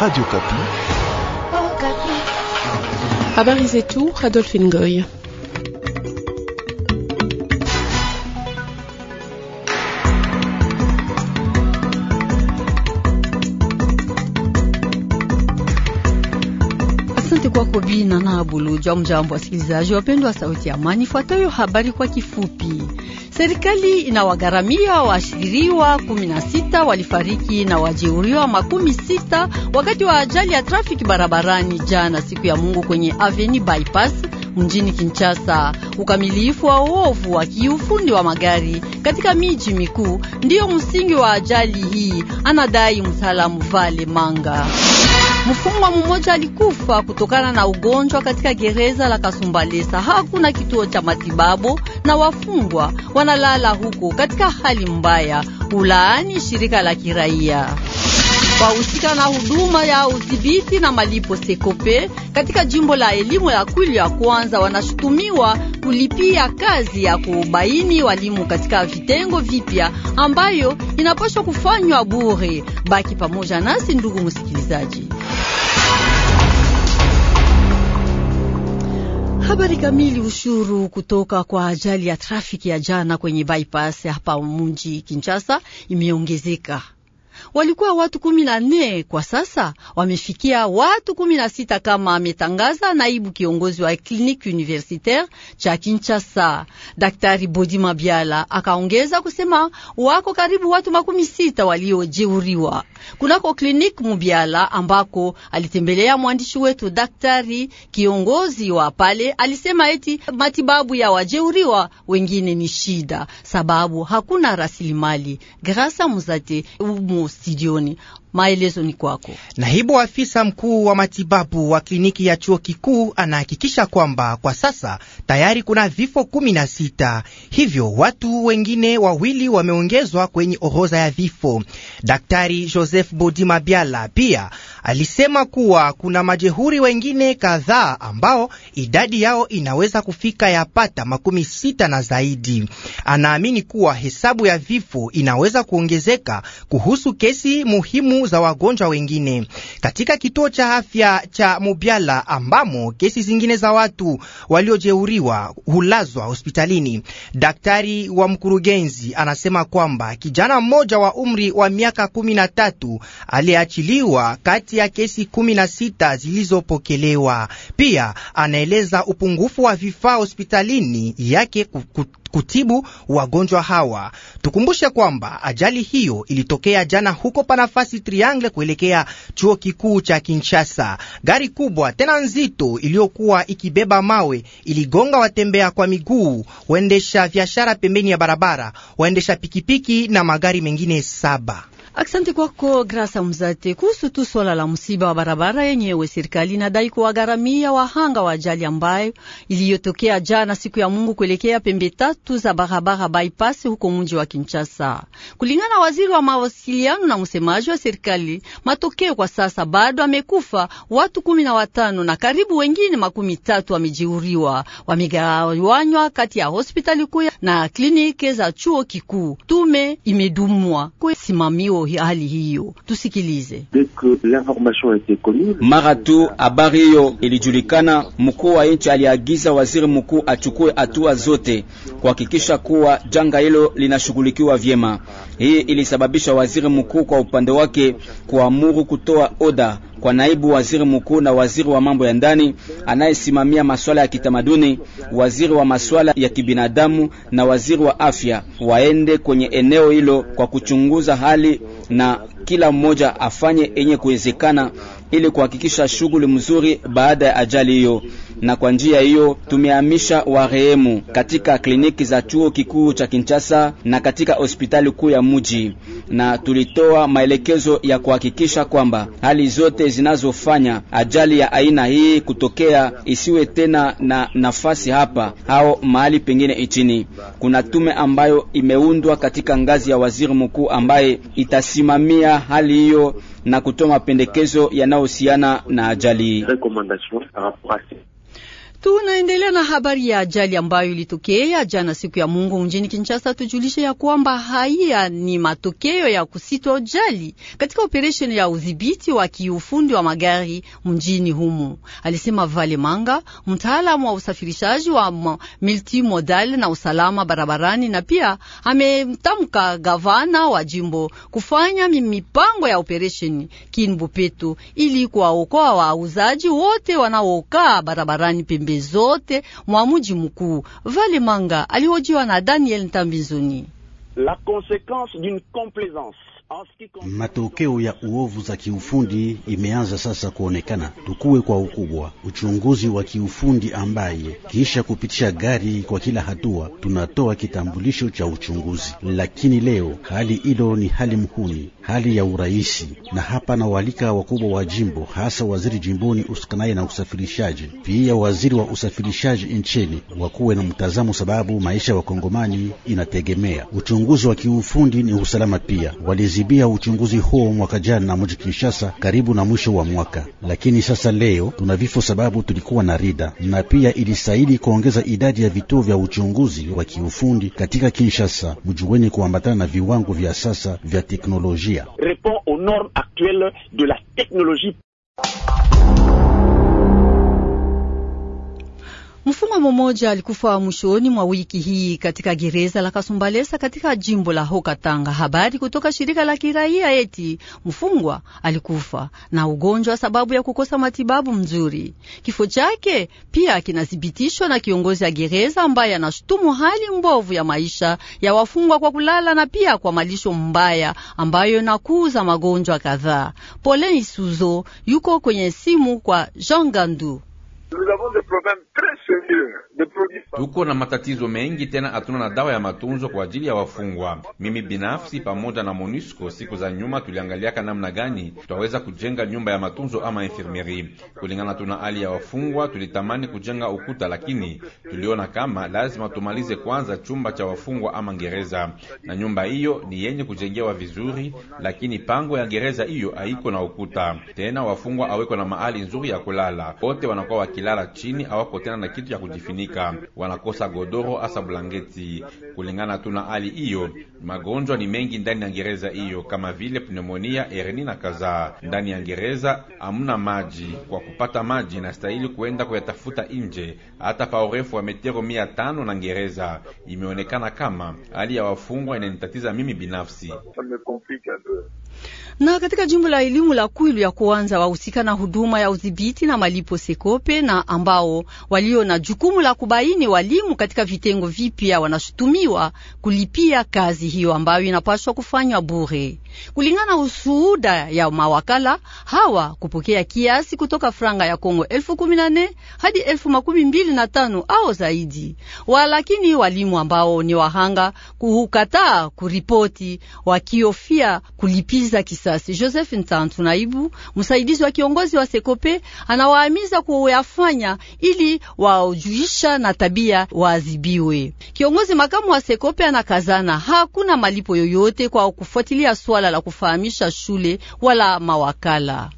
Radio Kapi. Habari zetu, Adolphe Ngoy. Sabina na Abuluja. Mjambo wasikilizaji wapendwa, sauti ya amani. Fuatayo habari kwa kifupi. Serikali inawagharamia waashiriwa 16 walifariki na wajeuriwa makumi sita wakati wa ajali ya trafiki barabarani jana siku ya Mungu kwenye aveni bypass mjini Kinshasa. Ukamilifu wa uovu wa kiufundi wa magari katika miji mikuu ndiyo msingi wa ajali hii, anadai mtaalamu Vale Manga. Mfungwa mmoja alikufa kutokana na ugonjwa katika gereza la Kasumbalesa. Hakuna kituo cha matibabu na wafungwa wanalala huko katika hali mbaya. Ulaani shirika la kiraia wahusika na huduma ya udhibiti na malipo Sekope katika jimbo la elimu ya Kwilu ya kwanza wanashutumiwa kulipia kazi ya kubaini walimu katika vitengo vipya ambayo inapaswa kufanywa bure. Baki pamoja nasi ndugu msikilizaji. Habari kamili. Ushuru kutoka kwa ajali ya trafiki ya jana kwenye bypass hapa mji Kinshasa imeongezeka walikuwa watu kumi na nne, kwa sasa wamefikia watu kumi na sita kama ametangaza naibu kiongozi wa kliniki universitaire cha Kinshasa Daktari Bodi Mabiala. Akaongeza kusema wako karibu watu makumi sita waliojeuriwa kunako kliniki Mubiala ambako alitembelea mwandishi wetu. Daktari kiongozi wa pale alisema eti matibabu ya wajeuriwa wengine ni shida sababu hakuna rasilimali. Grasa Muzate umo studioni Maelezo ni kwako. Naibu afisa mkuu wa matibabu wa kliniki ya chuo kikuu anahakikisha kwamba kwa sasa tayari kuna vifo kumi na sita, hivyo watu wengine wawili wameongezwa kwenye orodha ya vifo. Daktari Joseph Bodi Mabiala pia alisema kuwa kuna majeruhi wengine kadhaa ambao idadi yao inaweza kufika yapata makumi sita na zaidi. Anaamini kuwa hesabu ya vifo inaweza kuongezeka kuhusu kesi muhimu za wagonjwa wengine katika kituo cha afya cha Mubyala, ambamo kesi zingine za watu waliojeuriwa hulazwa hospitalini. Daktari wa mkurugenzi anasema kwamba kijana mmoja wa umri wa miaka 13 aliachiliwa kati ya kesi 16 zilizopokelewa. Pia anaeleza upungufu wa vifaa hospitalini yake kutibu wagonjwa hawa. Tukumbushe kwamba ajali hiyo ilitokea jana huko pa nafasi Triangle kuelekea chuo kikuu cha Kinshasa. Gari kubwa tena nzito iliyokuwa ikibeba mawe iligonga watembea kwa miguu, waendesha biashara pembeni ya barabara, waendesha pikipiki na magari mengine saba. Asante kwako Grasa Mzate. Kuhusu tu swala la msiba wa barabara yenyewe, serikali inadai kuwagharamia wahanga wa ajali ambayo iliyotokea jana siku ya Mungu kuelekea pembe tatu za barabara bypass huko mji wa Kinshasa. Kulingana na waziri wa mawasiliano na msemaji wa serikali, matokeo kwa sasa bado amekufa watu kumi na watano na karibu wengine makumi tatu wamejeruhiwa, wamegawanywa kati ya hospitali kuu na kliniki za chuo kikuu. Tume imedumwa kusimamiwa hali hiyo. Tusikilize. Mara tu habari hiyo ilijulikana, mkuu wa nchi aliagiza waziri mkuu achukue hatua zote kuhakikisha kuwa janga hilo linashughulikiwa vyema. Hii ilisababisha waziri mkuu kwa upande wake kuamuru kutoa oda kwa naibu waziri mkuu na waziri wa mambo ya ndani anayesimamia masuala ya kitamaduni, waziri wa masuala ya kibinadamu na waziri wa afya waende kwenye eneo hilo kwa kuchunguza hali, na kila mmoja afanye enye kuwezekana ili kuhakikisha shughuli mzuri baada ya ajali hiyo, na kwa njia hiyo tumehamisha warehemu katika kliniki za chuo kikuu cha Kinshasa na katika hospitali kuu ya mji, na tulitoa maelekezo ya kuhakikisha kwamba hali zote zinazofanya ajali ya aina hii kutokea isiwe tena na nafasi hapa au mahali pengine nchini. Kuna tume ambayo imeundwa katika ngazi ya waziri mkuu ambaye itasimamia hali hiyo na kutoa mapendekezo yana inayohusiana na ajali. Tunaendelea na habari ya ajali ambayo ilitokea jana siku ya Mungu mjini Kinshasa. Tujulishe ya kwamba haya ni matokeo ya kusitwa kusitojali katika operesheni ya udhibiti wa kiufundi wa magari mjini humo, alisema Vale Manga, mtaalamu wa usafirishaji wa multimodal na usalama barabarani, na pia ametamka gavana wa jimbo kufanya mipango ya operesheni Kinbupetu ili kuwaokoa wauzaji wote wanaokaa barabarani pembe. pembe zote mwa mji mkuu. Vale Manga alihojiwa na Daniel Ntambizuni. La conséquence d'une complaisance Matokeo ya uovu za kiufundi imeanza sasa kuonekana. Tukuwe kwa ukubwa uchunguzi wa kiufundi ambaye kisha kupitisha gari kwa kila hatua tunatoa kitambulisho cha uchunguzi. Lakini leo hali hilo ni hali mhuni, hali ya urahisi, na hapa na walika wakubwa wa jimbo, hasa waziri jimboni usikanaye na usafirishaji, pia waziri wa usafirishaji nchini wakuwe na mtazamo, sababu maisha ya wakongomani inategemea uchunguzi wa kiufundi. Ni usalama pia walizi tulizibia uchunguzi huo mwaka jana mji Kinshasa, karibu na mwisho wa mwaka, lakini sasa leo tuna vifo sababu tulikuwa na rida, na pia ilisaidi kuongeza idadi ya vituo vya uchunguzi wa kiufundi katika Kinshasa, mji wenye kuambatana na viwango vya sasa vya teknolojia. Mfungwa mmoja alikufa mwishoni mwa wiki hii katika gereza la Kasumbalesa katika jimbo la hokatanga Habari kutoka shirika la kiraia eti mfungwa alikufa na ugonjwa sababu ya kukosa matibabu mzuri. Kifo chake pia kinathibitishwa na kiongozi ya gereza ambaye anashutumu hali mbovu ya maisha ya wafungwa kwa kulala na pia kwa malisho mbaya ambayo inakuza magonjwa kadhaa. Pole Isuzo yuko kwenye simu kwa Jean Gandu. Tuko na matatizo mengi tena, hatuna na dawa ya matunzo kwa ajili ya wafungwa. Mimi binafsi pamoja na MONUSCO siku za nyuma tuliangaliaka namna gani tutaweza kujenga nyumba ya matunzo ama infirmeri kulingana tuna hali ya wafungwa. Tulitamani kujenga ukuta, lakini tuliona kama lazima tumalize kwanza chumba cha wafungwa ama gereza, na nyumba hiyo ni yenye kujengewa vizuri, lakini pango ya gereza hiyo haiko na ukuta tena, wafungwa aweko na mahali nzuri ya kulala, wote wanakuwa wakilala chini hawako tena na kitu cha kujifinika, wanakosa godoro hasa blangeti. Kulingana tu na hali hiyo, magonjwa ni mengi ndani ya gereza hiyo, kama vile pneumonia, ereni na kadhaa. Ndani ya gereza hamuna maji, kwa kupata maji nastahili kuenda kuyatafuta nje, hata pa urefu wa metero mia tano na gereza. Imeonekana kama hali ya wafungwa inanitatiza mimi binafsi. Na katika jimbo la elimu la Kwilu ya kuanza wahusika na huduma ya udhibiti na malipo Sekope na ambao walio na jukumu la kubaini walimu katika vitengo vipya wanashutumiwa kulipia kazi hiyo ambayo inapaswa kufanywa bure, kulingana ushuhuda ya mawakala hawa kupokea kiasi kutoka franga ya Kongo elfu kumi na nne hadi elfu makumi mbili na tano au zaidi. Walakini walimu ambao ni wahanga kuhukataa kuripoti wakiofia kulipiza kisa risasi. Joseph Ntantu, naibu msaidizi wa kiongozi wa Sekope, anawaamiza kuyafanya ili waojuisha na tabia waadhibiwe. Kiongozi makamu wa Sekope anakazana hakuna malipo yoyote kwa kufuatilia swala la kufahamisha shule wala mawakala.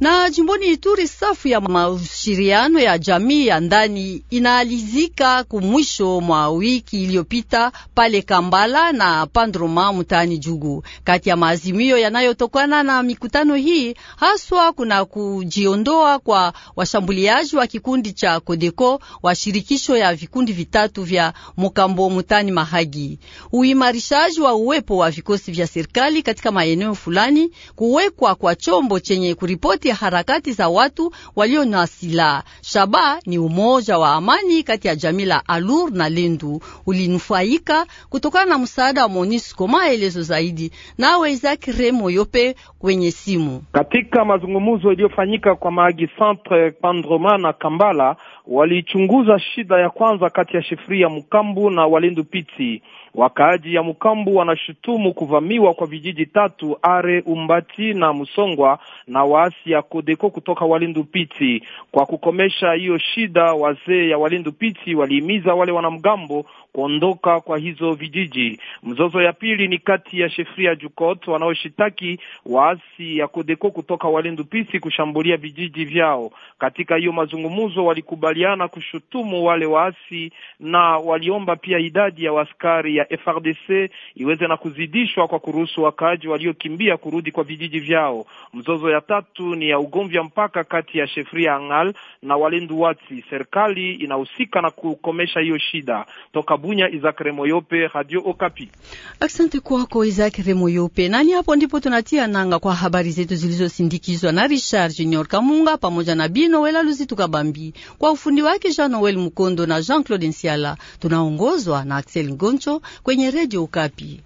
Na jimboni Ituri, safu ya mashiriano ya jamii ya ndani inaalizika kumwisho mwa wiki iliyopita pale Kambala na Pandroma mtaani Jugu. Kati ya maazimio yanayotokana na mikutano hii haswa kuna kujiondoa kwa washambuliaji wa kikundi cha Kodeko wa shirikisho ya vikundi vitatu vya mukambo mtaani Mahagi, uimarishaji wa uwepo wa vikosi vya serikali katika maeneo fulani, kuwekwa kwa chombo chenye kuripoti kati ya harakati za watu walio na silaha. Shaba ni umoja wa amani kati ya jamii la Alur na Lendu ulinufaika kutokana na msaada wa MONUSCO. Maelezo zaidi nawe Isaac Remo Yope kwenye simu. Katika mazungumzo iliyofanyika kwa maagi centre Pandroma na Kambala, walichunguza shida ya kwanza kati ya Shifria Mkambu na Walendu Piti. Wakaaji ya Mkambu wanashutumu kuvamiwa kwa vijiji tatu Are, Umbati na Msongwa na waasi ya Kodeko kutoka Walindu Piti. Kwa kukomesha hiyo shida, wazee ya Walindu Piti walihimiza wale wanamgambo kuondoka kwa hizo vijiji. Mzozo ya pili ni kati ya Shefria Jukot wanaoshitaki waasi ya Kodeko kutoka Walindu Piti kushambulia vijiji vyao. Katika hiyo mazungumzo, walikubaliana kushutumu wale waasi na waliomba pia idadi ya waskari ya FRDC iweze na kuzidishwa kwa kuruhusu wakaaji waliokimbia kurudi kwa vijiji vyao. Mzozo ya tatu ni ya ugomvi wa mpaka kati ya Shefria Angal na Walendu Watsi. Serikali inahusika na kukomesha hiyo shida. Toka Bunya, Isaac Remoyope, Radio Okapi. Asante kwako Isaac Remoyope. Nani hapo ndipo tunatia nanga kwa habari zetu zilizosindikizwa na Richard Junior Kamunga pamoja na Bino Wela Luzi Tukabambi kwa ufundi wake Jean Noel Mukondo na Jean Claude Nsiala. Tunaongozwa na Axel Ngoncho kwenye redio Ukapi.